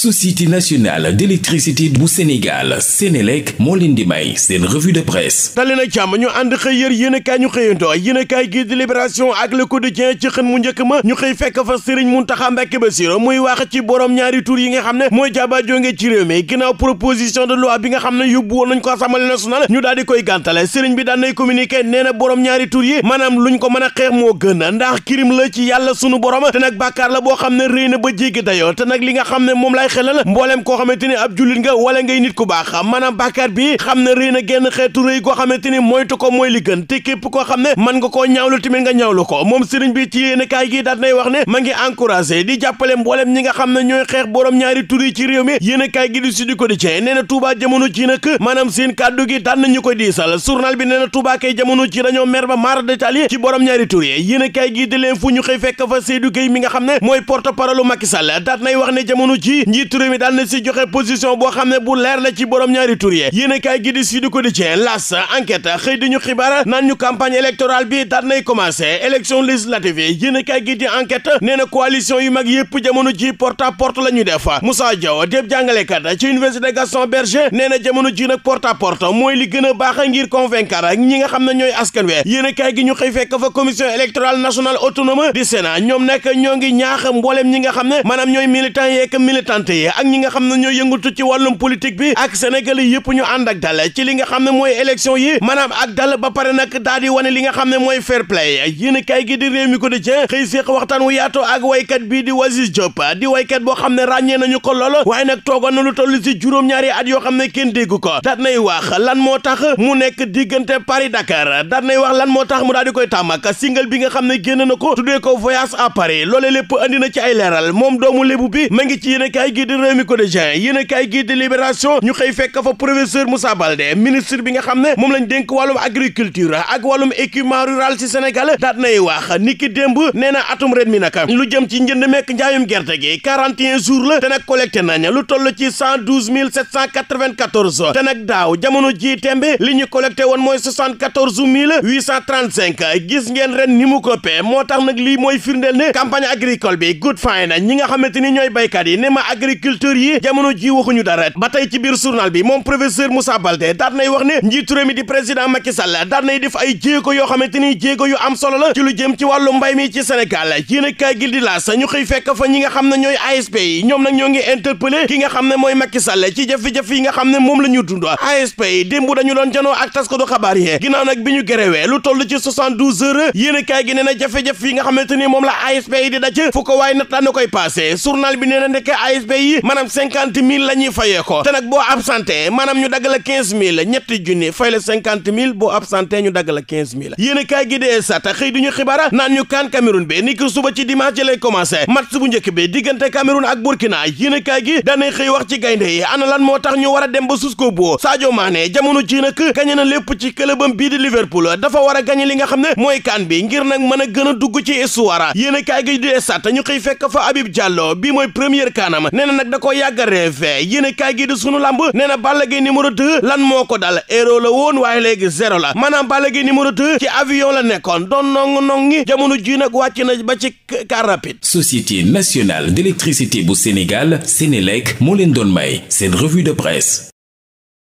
société nationale d'électricité bu Sénégal Sénélec moo leen di may seen revue de presse tali na jàmm ñu ànd xëy yër yéenekaay ñu xëyantoo yéenekaay gi di Libération ak Le Quotidien ci xën mu njëkk ma ñu xëy fekk fa Sëriñ Muntaxa Mbàkke Basiru muy wax ci borom ñaari tur yi nga xam ne mooy jaaba jonge ci réew mi ginnaaw proposition de loi bi nga xam ne yóbbu woon nañ ko Assemblée nationale ñu daal di koy gàntale sëriñ bi daan nay communiqué nee yi maanaam a xeex moo gën ndax kirim la ci yàlla na ba jéggi xam ne xelal mbooleem koo xamante ni ab jullit nga wala ngay nit ku baax maanaam bàkkaar bi xam ne rëy na genn xeetu rëy koo xamante ni moytu ko mooy li te képp koo xam ne mën nga koo ñaawlu tamit nga ñaawlu ko moom sëriñ bi ci yéen kaay gi daat nay wax ne ma ngi encouragé di jàppale mbooleem ñi nga xam ne ñooy xeex boroom ñaari tur yi ci réew mi yéen kaay gi di suddi ko di cee nee na Touba jamono ci nag maanaam seen kàddu gi daan nañu koy diisal journal bi na Touba kay jamono ci dañoo mer ba maar détaillé ci borom ñaari tur yi yéen kaay gi fekk fa Seydou nga xam ne mooy porte-parole Macky Sall daat nay wax ne jamono ji njiitu réew mi daal na si joxe position boo xam ne bu a gi di si ko di cee las enquête xëy di ñu xibaar naan ñu campagne électorale bi daal nay commencé élection législative yi a gi di enquête nee na yu mag yëpp jamono ji porte à porte la ñu def Moussa ci université Gaston Berger nee na ji nag porte mooy li a baax ngir convaincre ñi nga xam ne ñooy askan wi yéen a gi ñu xëy fekk fa commission électorale nationale autonome di Sénat ñoom nag ñoo ngi ñaax mboolem société yi ak ñi nga xam ne ñoo yëngatu ci wàllum politique bi ak sénégalais yëpp ñu ànd ak dal ci li nga xam ne mooy élection yi maanaam ak dal ba pare nag daal di li nga xam ne mooy fair play yéen a kaay gi di réew mi ko di cee xëy séeq waxtaan wu yaatoo ak waykat bii di Wasis Diop di waykat boo xam ne na nañu ko lool waaye nag toogoon na lu toll si juróom-ñaari at yoo xam ne kenn dégg ko daat nay wax lan moo tax mu nekk diggante Paris Dakar daat nay wax lan moo tax mu daal di koy tàmmak single bi nga xam ne génn na ko tuddee ko voyage à Paris loolee lépp andi a gii di Rewmi Quotidien yéen a kaay gii di Libération ñu xëy fekk fa professeur Moussa Baldé ministre bi nga xam ne moom lañ dénk wàllum agriculture ak wàllum équipement rural ci Sénégal daat nay wax ni démb nee atum ren mi naka lu jëm ci njënd mekk njaayum gerte gi 41 la te nag collecté nañ lu toll ci te nag daaw jamono ji tembe li ñu collecté woon mooy gis ngeen ren ni mu koppee moo tax nag lii mooy firndeel ne campagne agricole bi good fine ñi nga xamante agriculteurs yi jamono ji waxuñu dara ba tey ci biir journal bi moom professeur Moussa Baldé daat nay wax ne njiitu mi di président Macky Sall daat nay def ay jéego yoo xamante ni jéego yu am solo la ci lu jëm ci wàllu mbay mi ci Sénégal yéen a gi di laas ñu xëy fekk fa ñi nga xam ne ñooy ASP yi ñoom nag ñoo ngi interpellé ki nga xam ne mooy Macky Sall ci jafe-jafe yi nga xam ne moom la ñu dund ASP yi démb dañu doon janoo ak taskatu ko waaye yi maanaam cinquante mille la ñuy fayee ko te nag boo absenté maanaam ñu dagg la quinze mille ñetti junni fay la cinquante mille a kaay gi dee sa te xëy du ñu xibaar naan ñu kaan Cameroun bi ni bu njëkk bi diggante Cameroun ak Burkina yéen a kaay gi daanay xëy wax ci gaynde yi ana lan moo tax ñu war a dem ba sus ko boo Sadio Mané jamono ji nag na lépp ci këlëbam bii di Liverpool dafa war a li nga xam ne mooy kaan bi ngir nag mën a gën a dugg ci histoire yéen a kaay gi dee sa ñu xëy fekk fa Habib Diallo bi mooy premier kaanam na nag da koo yàgg a rêvé yéen kaay gi di sunu lamb ne na Balla Gaye numéro 2 lan moo ko dal héros la woon waaye léegi zéro la maanaam Balla Gaye numéro 2 ci avion la nekkoon doon nong-nongi jamono ji nag wàcc na ba ci car rapide. Société nationale d'électricité bu Sénégal Sénélec moo leen doon may seen revue de presse.